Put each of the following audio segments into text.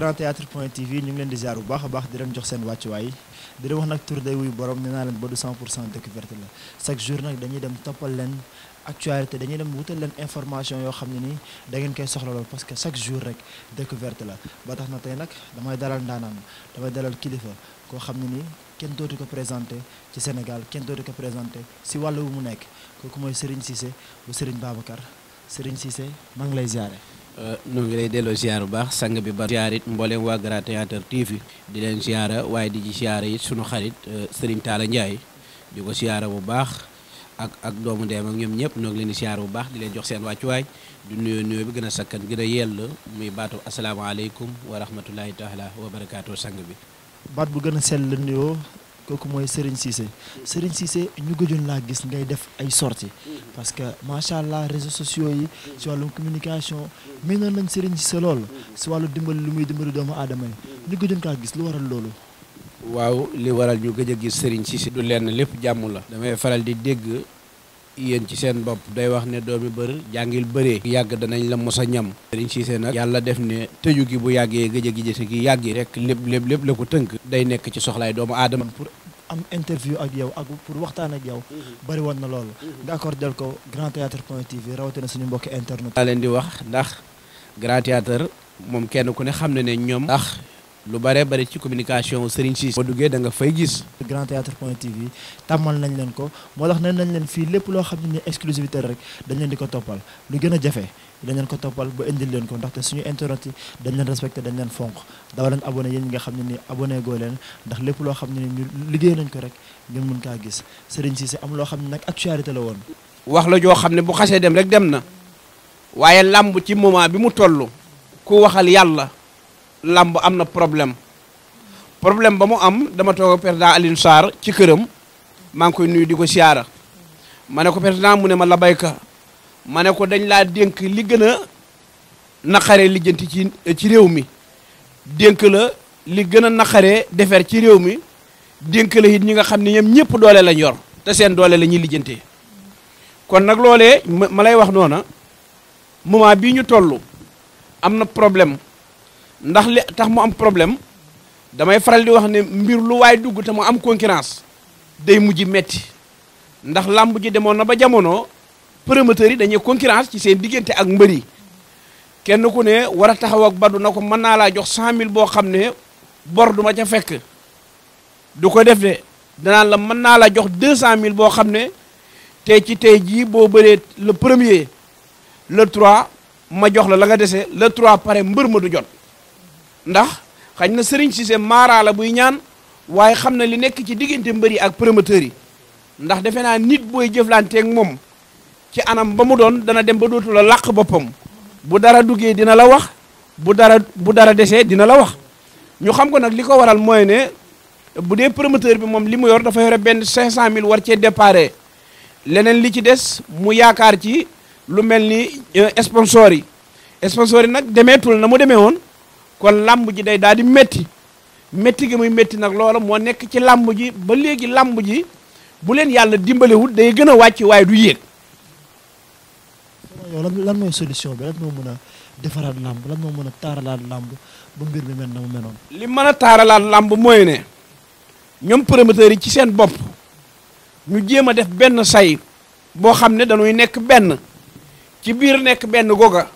grand théâtre point tv ñu ngi leen di ziar bu baax a baax di leen jox seen wàccuwaay di leen wax nag tur day wuy borom nee naa leen ba du 100 la chaque jour nag dañuy dem toppal leen actualité dañuy dem wutal leen information yoo xam ne nii dangeen koy soxla lool parce que chaque jour rek découverte la ba tax na tey nag damay dalal ndaanaan damay dalal kilifa koo xam ne nii kenn dootu ko présenté ci Sénégal kenn dootu ko présenté si wàll wu mu nekk kooku mooy Serigne Cissé bu Serigne Babacar Serigne Cissé maa ngi lay ziare. Euh, nu ngi lay delloo ziar bu baax sang bi ba ziar it mbooleem waa Grand Théâtre TV di leen ziara waaye di ci ziara it sunu xarit euh, Serigne Talla Ndiaye di ko ziara bu baax ak ak doomu ndeem ak ñoom ñëpp noo ngi leen di ziara bu baax di leen jox seen wàccuwaay du nuyoo nuyoo bi gën a sakkan gën a yell muy baatu asalaamaaleykum wa rahmatulahi taala wa barakaatu sang bi baat bu gën a sell nuyoo kooku mooy Serigne Cissé Serigne Cissé ñu gëjoon laa gis ngay def ay sorties parce que macha allah réseaux sociaux yi si wàllum communication miinoon nañ Serigne Cissé lool si wàllu dimbali lu muy dimbali doomu aadama yi ñu gëjoon kaa gis lu waral loolu. waaw li waral ñu gëj a gis Serigne Cissé du lenn lépp jàmm la. damay faral di dégg. yéen ci seen bopp day wax ne doomi bër jàngil bëree yàgg danañ la mos a ñam sëriñ Cissé nag yàlla def ne tëju gi bu yàggee gëjë gi jëse gi yàggee rek lépp lépp lépp la ko tënk day nekk ci soxlaay doomu aadama pour am interview ak yow pour waxtaan ak yow mhm. bëri woon loolu nga accordel ko grand théâtre point tv rawatina suñu mbokki internet daa leen di wax ndax grand théâtre moom kenn ku ne xam ne ne ñoom ndax lu bare bari ci communication Serigne Cissé boo duggee da nga fay gis grand théâtre point tv tàmmal nañ leen ko moo tax ne nañ leen fii lépp loo xam ne ni exclusivité rek dañ leen di ko toppal lu gën a jafe dañ leen ko toppal ba indil leen ko ndaxte suñu internet yi dañ leen respecté dañ leen fonk dawa leen abonné yéen ñi nga xam ne ni abonné goo leen ndax lépp loo xam ne ni ñu liggéey nañ ko rek ngeen mën kaa gis Serigne Cissé am loo xam ne nag actualité la woon wax la joo xam ne bu xasee dem rek dem na waaye làmb ci moment bi mu toll ku waxal làmb am na problème problème ba mu am dama toog ak président Alioune Sarr ci këram maa ngi koy nuyu di ko siyaara ma ne ko président mu ne ma la bayka ma ne ko dañ laa dénk li gën a naqaree lijjanti ci ci réew mi dénk la li gën a naqaree defar ci réew mi dénk la it ñi nga xam ne ñoom ñëpp doole lañ yor te seen doole la ñuy lijjantee kon nag loole ma wax noona moment bii ñu toll am na problème ndax li tax mu am problème damay faral di wax ne mbir lu waay dugg te mu am concurrence day mujj metti ndax làmb ji demoon na ba jamono promoteurs yi dañuy concurrence ci seen diggante ak mbër yi kenn ku ne war a taxaw ak badu na ko mën naa laa jox cent mille boo xam ne bor du ma ca fekk du ko def de danaan la mën naa laa jox cent mille boo xam ne tey ci tey jii boo bëree le premier le troit ma jox la la nga dese le troit pare mbër ma du jot. ndax xañ na Serigne Cissé mara la buy ñaan waye xamna li nekk ci digënté mbër ak promoteur yi ndax defe naa nit jëflanté ak mom ci anam ba mu doon dana dem ba dootu la laq bopam bu dara duggé dina la wax bu dara bu dara déssé dina la wax ñu xam ko nak liko waral moy né bu dé promoteur bi mom limu yor dafa yoré ben 500000 war ci déparé leneen li ci des mu yaakar ci lu melni euh, sponsor yi sponsor yi nag na mu démé won kon làmb ji day daal di métti metti gi muy metti nag loola moo nekk ci làmb ji ba léegi làmb ji bu leen yàlla dimbalewut day gën a wàcc waaye du yéeg. la mooy solution bi lan moo mën a defaraat làmb lan moo mën a taaralaat làmb ba mbir mi mel na mu meloon. li mën a taaralaat làmb mooy ne ñoom promoteurs yi ci seen bopp ñu jéem a def benn say boo xam ne dañuy nekk benn ci biir nekk benn googa.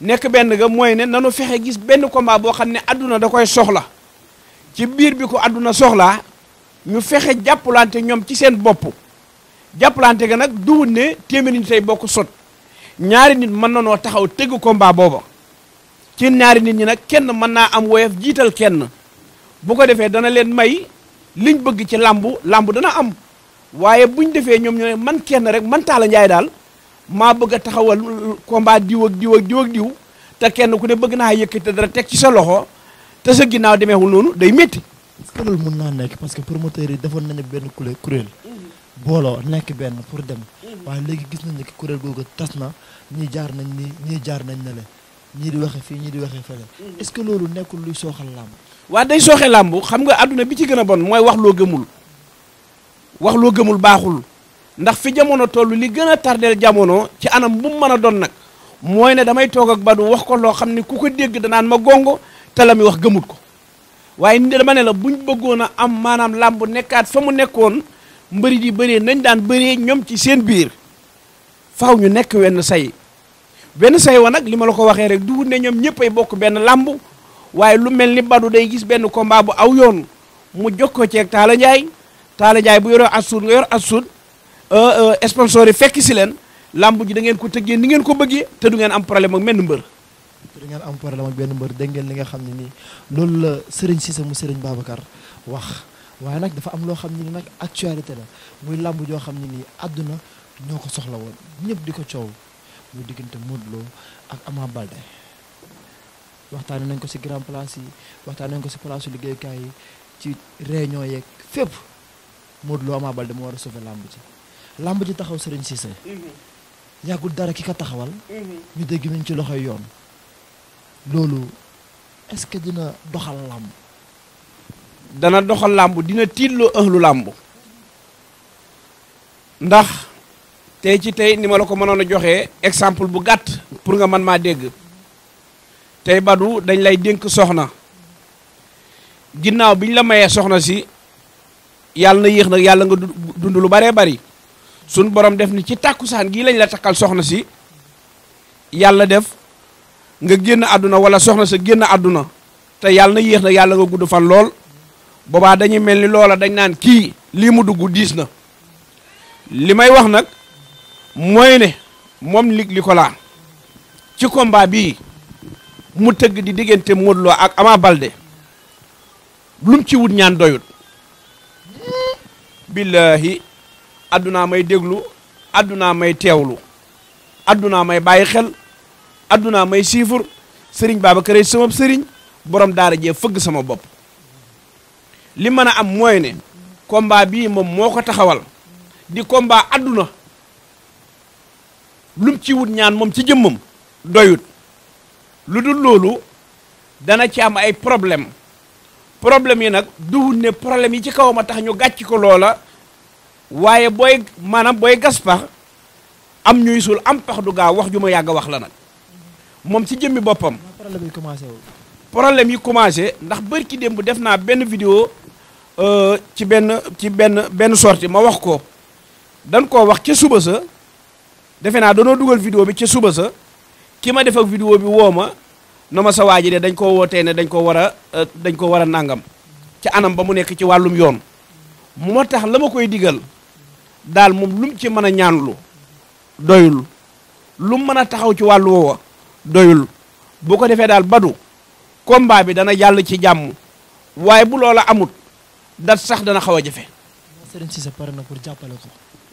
nekk benn ga mooy ne nanu fexe gis benn combat boo xam ne adduna da koy soxla ci biir bi ko adduna soxlaa ñu fexe jàppalante ñoom ci seen bopp jàppalante ga nag duwut ne téeméeri nit tey bokk sot ñaari nit mën na noo taxaw tëgg combat booba ci ñaari nit ñi nag kenn mën naa am woyof jiital kenn bu ko defee dana leen may liñ bëgg ci làmb làmb dana am waaye buñ defee ñoom ñoo ne man kenn rek man taala njaay daal maa bëgg a taxawal combat diw ak diw ak diw ak te kenn ku ne bëgg naa yëkkate dara teg ci sa loxo te sa ginnaaw demeewul noonu day métti. est-ce mun naa nekk parce que promoteurs yi defoon nañu benn kuréel kuréel. booloo nekk benn pour dem. léegi gis nañu ne kuréel googu tas na ñii jaar nañ nii ñii jaar nañ ne ñii di waxe fii ñii di waxe fële. est-ce que loolu nekkul luy sooxal làmb. waa day sooxe làmb xam nga àdduna bi ci gën a bon mooy wax loo gëmul wax loo gëmul baaxul. ndax fi jamono toll li gën a tardeel jamono ci anam bu mu mën a doon nag mooy ne damay toog ak Badou wax ko loo xam ni ku ko dégg danaan ma gongo te la mi wax gëmut ko waaye dama ne la buñ bëggoon a am maanaam làmb nekkaat fa mu nekkoon mbëri di bëree nañ daan bëree ñoom ci seen biir faw ñu nekk wenn say benn say wa nag li ma la ko waxee rek dugut ne ñoom ñëpp ay bokk benn làmb waaye lu mel ni badu day gis benn combat bu aw yoon mu jokkoo ceeg Talla Ndiaye Talla Ndiaye bu yoroo as suut nga yor Euh, euh, sponsor fekk ci len lamb ji da ngeen ko tëggee ni ngeen ko bëggee te du ngeen am problème ak men sering du ngeen am problème ak ben mbeur de ngeen li nga xamni ni nii la Serigne Cissé mu Serigne Babacar wax waye nak dafa am lo xamni ni nak actualité la muy lamb jo xamni ni aduna ñoko soxla woon ñepp diko ciow muy ak Ama balde waxtaan nañ ko ci grand place yi waxtaan nañ ko ci place liggéeyukaay yi ci réunion yek fep modlo Ama balde mo wara sauver lamb ci lamb ji taxaw Serigne Cissé. Mhm. yàggul dara ki ko taxawal. Mhm. ñu dégg nañ ci loxoy yoon. loolu est-ce que dina doxal lamb dana doxal lamb dina tiitloo ëhlu lamb ndax tey ci tey ni ma la ko mënoon a joxee exemple bu gàtt pour nga man maa dégg tey badu dañ lay dénk soxna ginnaaw biñ la mayee soxna si yàlla na yéex nag yàlla nga dund lu baree bari sun borom def ni ci tàkku saan gii lañ la takkal soxna si yàlla def nga génn àdduna wala soxna sa génn àdduna te yàlla na yéex na yàlla nga gudd fan lool boobaa dañuy mel ni loola dañ naan kii lii mu dugg diis na li may wax nag mooy ne moom Luc Nicolas ci combat bii mu tëgg di diggante Modou Lo ak Ama balde lum ci wut ñaan doyut billaahi addunaa may déglu addunaa may teewlu addunaa may bàyyi xel addunaa may siifur sëriñ Babacar sama sëriñ borom daara jee fëgg sama bopp li mën a am mooy ne combat bii moom moo ko taxawal di combat adduna lum ci wut ñaan moom ci jëmmam doyut lu dul loolu dana ci am ay problème poroblème yi nag duhut ne problème yi ci kaw ma tax ñu gàcc ko loola waaye booy maanaam booy gas pax am ñuy suul am pax du gaaw wax ju ma yàgg wax la nag moom si jëmmi boppam. problème yi commencé wul. problème yi commencé ndax bari ci démb def naa benn vidéo euh, ci benn ci benn benn sortie ma wax ko dan koo wax ca suba sa defe naa danoo dugal vidéo bi ca suba sa ki ma def ak vidéo bi woo ma na ma sa waa ji de dañ koo wootee ne dañ koo war a euh, dañ ko war a nangam ci anam ba mu nekk ci wàllum yoon moo tax la ma koy digal. daal moom lu ci mën a ñaanlu doyul lum mu mën a taxaw ci wàllu wa doyul bu ko defee daal badu combat bi dana jàll ci jàmm waaye bu loola amut da sax dana xaw a jafe. Serigne Cissé pare na pour jàppale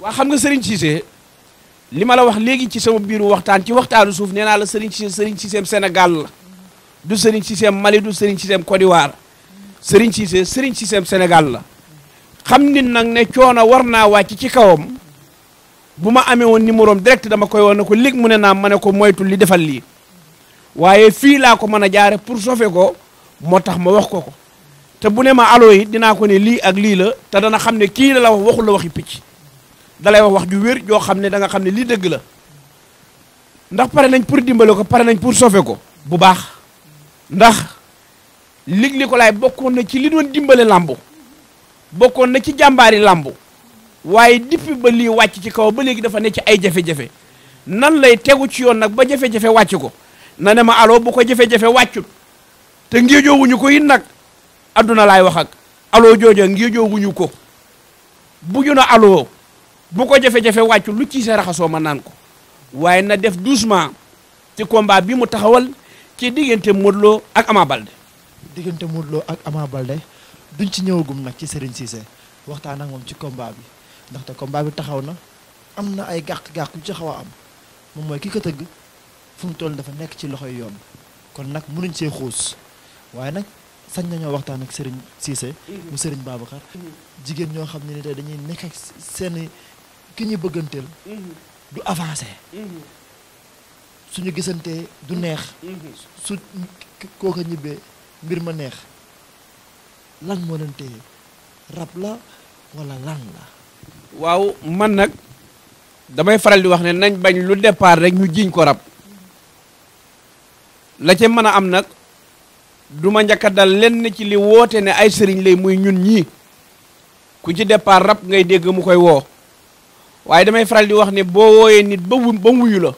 waa xam nga Serigne Cissé li ma la wax léegi ci sama biiru waxtaan ci waxtaanu suuf nee naa la Serigne Cissé Serigne Cissé Sénégal la du Serigne Cissé Mali du Serigne Cissé Côte d'Ivoire Serigne Cissé Serigne Cissé Sénégal la. xam nit nag ne coono war naa wàcc ci kawam bu ma amee woon numéro direct dama koy wane ko lig mu ne naam ma ne ko moytu li defal lii waaye fii laa ko mën a jaare pour sauver ko moo tax ma wax ko ko te bu ne ma allo dinaa ko ne lii ak lii la te dana xam ne kii la la wax waxu la waxi picc dalay wax wax ju wér joo xam ne da nga xam ne lii dëgg la ndax pare nañ pour dimbale ko pare nañ pour sauver ko bu baax ndax lig li ko laay bokkoon na ci li doon dimbale làmbu bokkoon na ci jàmbaari làmb waaye depuis ba lii wàcc ci kaw ba léegi dafa ne ci ay jafe-jafe nan lay tegu ci yoon nag ba jafe-jafe wàcc ko na ne ma aloo bu ko jafe-jafe wàccut te ngéejoowuñu ko it nag adduna laay wax ak aloo jooja ngéejoowuñu ko bu ñu na aloo bu ko jafe-jafe wàccut lu ci sa raxasoo ma naan ko waaye na def doucement ci combat bi mu taxawal ci diggante Modou Lo ak Ama Baldé diggante Modou ak Ama duñ ci ñëwagum nag ci Serigne Cissé waxtaan ak moom ci kombaa bi ndaxte kombaa bi taxaw na am na ay gàq-gàq yu ci xaw a am moom mooy ki ko tëgg fu mu toll dafa nekk ci loxoy yoon kon nag mënuñ see xuus waaye nag sañ nañoo waxtaan ak sëriñ Cissé mu Serigne Babacar jigéen ñoo xam ne ni tey dañuy nekk ak seen ki ñu bëgganteel du avancé suñu gisantee du neex su kooka ñibbee mbir ma neex lan moo leen téye waaw man nag damay faral di wax ne nañ bañ lu départ rek ñu jiñ ko rab la ca mën a am nag du ma njëkk dal lenn ci li woote ne ay sëriñ lay muy ñun ñii ku ci départ rab ngay dégg mu koy woo waaye damay faral di wax ne boo wooyee nit ba wu ba wuyu la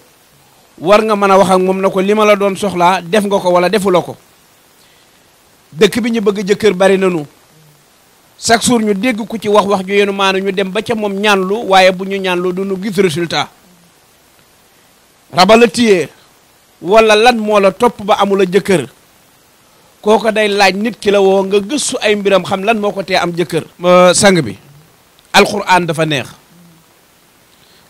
war nga mën a wax ak moom na ko li ma la doon soxlaa def nga ko wala defuloo ko. dëkk bi ñu bëgg jëkkër bari nañu chaque jour ñu dégg ko ci wax wax ju yenu maana ñu dem ba ca moom ñaanlu waaye bu ñu ñaanlu du ñu gis résultat raba la tiye walla lan moo la topp ba amul a jëkkër kooko day laaj nit ki la woo nga gëstu ay mbiram xam lan moo ko tee am jëkkër sang bi alxuraan dafa neex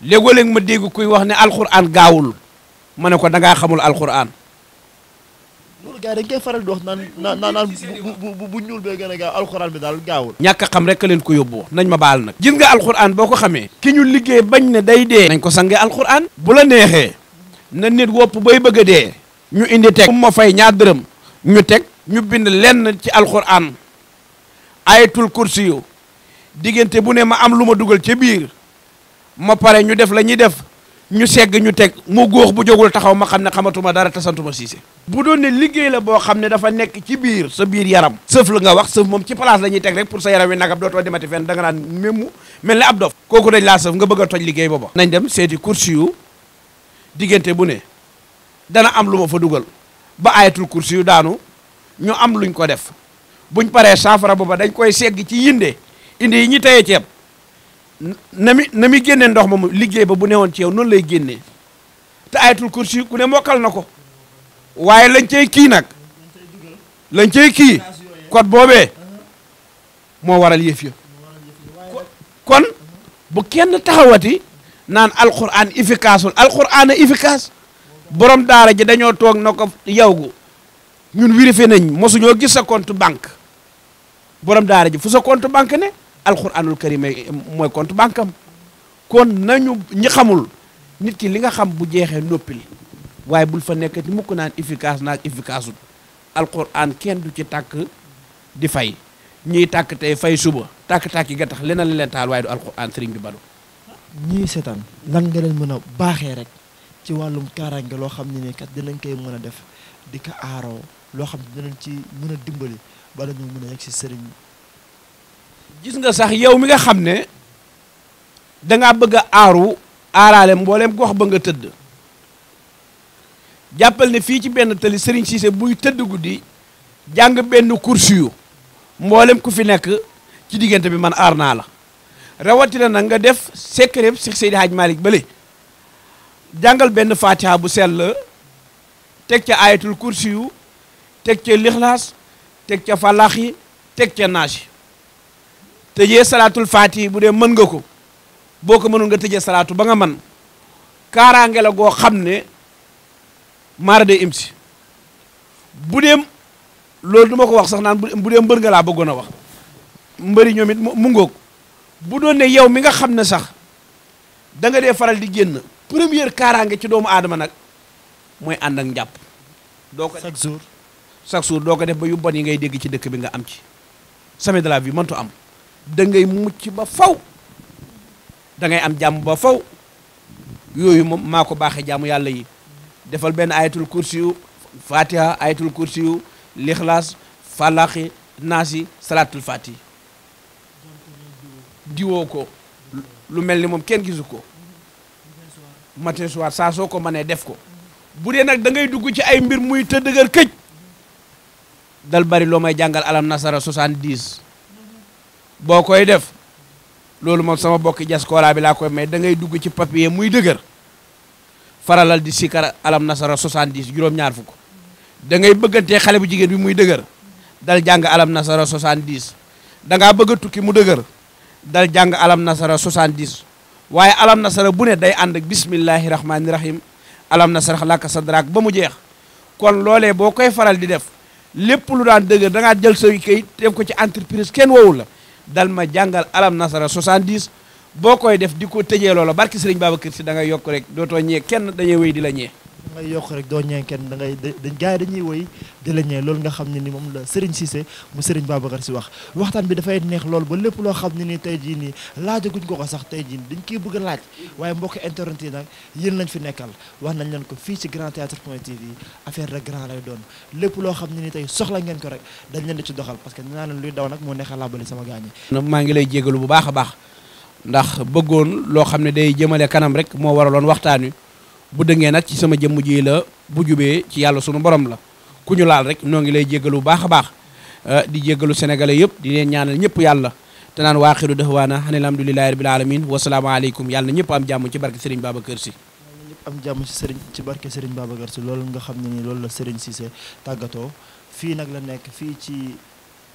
léegoo léeg ma dégg koy wax ne alxuraan gaawul ma ne ko dangaa xamul alxuraan loolu gars yi dañ koy faral di wax naan naan bu ñuul bee gën a bi daal gaawul ñàkk a xam rek leen ko yóbbu woon nañ ma baal nag gis nga alxuraan boo ko xamee ki ñu liggéey bañ ne day dee nañ ko sangee alxuraan bu la neexee na nit wopp bay bëgg a dee ñu indi teg mu fay ñaar dërëm ñu teg ñu bind lenn ci alxuraan ayatul kursi diggante bu ne ma am lu ma dugal ci biir ma pare ñu def la ñuy def ñu segg ñu teg mu góox bu jógul taxaw ma xam ne xamatuma dara te santuma siise bu doon ne liggéey la boo xam ne dafa nekk ci biir sa biir yaram sëf la nga wax sëf moom ci place la ñuy teg rek pour sa yaram wi nagam dootoo demati fenn da nga naan mému mel ne ab dof kooku dañ laa sëf nga bëgg a toj liggéey booba nañ dem seeti kursi yu diggante bu ne dana am lu ma fa dugal ba ayetul kursi yu daanu ñu am luñ ko def buñ paree saafara booba dañ koy segg ci yinde indi yi ñi tayee ceeb na mi na mi génne ndox moomu liggéey ba bu newoon ci yow noonu lay génnee te ayatul kursi ku ne mokkal na ko waaye lañ cay kii nag lañ cay kii code boobee moo waral yëf ya kon bu kenn taxawati naan alquran efficaceul alquran a efficace borom daara ji dañoo toog na ko yow gu ñun vérifié nañ mosuñoo gis sa compte banque borom daara ji fu sa compte banque ne alxuraanul karim mooy compte banque am kon nañu ñi xamul nit ki li nga xam bu jeexee noppil waaye bul fa nekkati mukk naan efficace naag efficace ut alxuraan kenn du ci tàkk di fay ñiy tàkk tey fay suba tàkk-tàkk yi nga leneen la leen taal waaye du alxuraan sëriñ bi balu ñii seetaan lan nga leen mën a baaxee rek ci wàllum kaaraange loo xam ne ni kat dinañ koy mën a def di ko aaroo loo xam ne ci mën a dimbali bala ñu mën a yegg si sëriñ gis nga sax yow mi nga xam ne danga bëgg a aaru aarale mboolem gox ba nga tëdd jàppal ne fii ci benn tali Serigne Cissé buy tëdd guddi jàng benn kursi mboolem ku fi nekk ci diggante bi man aar naa la rawatina nag nga def secret si Seydi Hadj Malick Bale jàngal benn fatiha bu sell teg ca ayatul kursi yu teg ca lixlaas teg ca falax teg ca naas tëjee salaatul faati bu dee mën nga ko boo ko mënul nga tëjee salaatu ba nga man kaaraange la goo xam ne maara day im si bu dee loolu du ma ko wax sax naan bu dee mbër nga laa bëggoon a wax mbëri ñoom it mu ngoog bu doon ne yow mi nga xam ne sax danga nga dee faral di génn première kaaraange ci doomu aadama nag mooy ànd ak njàpp doo ko chaque jour chaque jour doo ko def ba yu bon yi ngay dégg ci dëkk bi nga am ci sommet de la vie mëntu am da ngay mucc ba faw dangay am jàmm ba faw yooyu moom maa ko baaxee jàmm yàlla yi defal benn ayatul kursi yu fatiha ayatul kursi yu lixlaas falaqi naasi salaatul fati diwoo ko lu mel ni moom kenn gisu ko matin soir saa soo ko mënee def ko bu dee nag da ngay dugg ci ay mbir muy tëddëgër këj dal bari loo may jàngal alam nasara 70 boo koy def loolu moom sama bokki jaskooraa bi laa koy may dangay dugg ci papier muy dëgër faralal di sikar alam nasara 70 juróom-ñaar fukk da ngay xale bu jigéen bi muy dëgër dal jàng alam nasara 70 da ngaa bëgg tukki mu dëgër dal jàng alam nasara 70 waaye alam nasara bu ne day ànd ak bismillahi rahmaani rahim alam nasara sa sadraak ba mu jeex kon loolee boo koy faral di def lépp lu daan dëgër da ngaa jël say kayit def ko ci entreprise kenn wowul la dal ma jàngal alam nasara 70 boo koy def di ko tëjee loola barki sëriñ Babacar si da ngay yokk rek dootoo ñee kenn dañuy wéy di la ñee ngay yokk rek doo ñee kenn da ngay da gars yi dañuy woy di la ñee loolu nga xam ne ni moom la Serigne Cissé mu Serigne Babacar Sy wax waxtaan bi dafay neex loolu ba lépp loo xam ne ni tey jii nii laajaguñ ko ko sax tey jii dañ koy a laaj waaye mbokk internet yi nag yéen lañ fi nekkal wax nañ leen ko fii ci grand théâtre point tv affaire de lépp loo xam ne ni tey soxla ngeen ko rek dañ leen di ci doxal parce que nee naa leen luy daw nag moo neex a làbbali sama gaañ yi maa ngi lay jégalu bu baax a baax ndax bëggoon loo xam ne day jëmale kanam rek moo waraloon waxtaan wi bu dëngee nag ci sama jëmm ji la bu jubee ci yàlla sunu borom la ku ñu laal rek noo ngi lay jéggalu baax a baax euh, di jéggalu sénégalais yëpp di leen ñaanal ñëpp yàlla te naan waaxiru dahwaana an alhamdulillahi rabbil alamin wasalaamaaleykum yàlla na ñëpp am jàmm ci barke Serigne Babacar Sy ñëpp am jàmm ci Serigne ci barke Serigne Babacar Sy loolu nga xam ne ni loolu la Serigne Cissé tàggatoo fii nag la nekk fii ci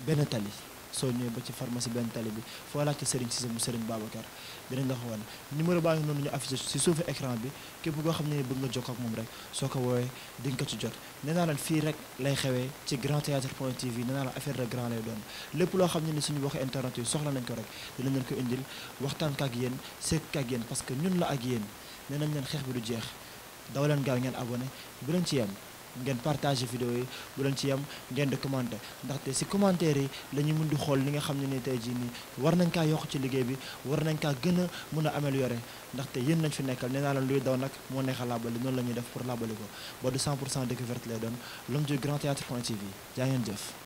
benn tali soo ñëwee ba ci pharmacie benn tali bi foo laajte Serigne Cissé mu Serigne Babacar dinañ la ko wan numéro baa ngi noonu ñu affiché si suufu écran bi képp koo xam ne bëgg nga jokkoo ak moom rek soo ko woowee di nga ko ci jot nee naa leen fii rek lay xewee ci grand théâtre point tv nee naa leen affaire de grand lay doon lépp loo xam ne ni suñu wax internet yi soxla nañ ko rek dinañ leen ko indil waxtaan ka ak yéen seet ka ak yéen parce que ñun la ak yéen nee nañ leen xeex bi du jeex daw leen gaaw ngeen abonné bu leen ci yem ngeen partager vidéo yi bu leen ci yem ngeen di commenter ndaxte si commentaire yi la ñuy mën di xool li nga xam ne ni tey jii nii war nañ kaa yokk ci liggéey bi war nañ kaa gën a mën a améliorer ndaxte yéen lañ fi nekkal nee naa leen luy daw nag moo neex a laabali noonu la ñuy def pour laabali ko ba du 100 pour cent découverte lay doon l'homme grand théâtre point tv jaa ngeen jëf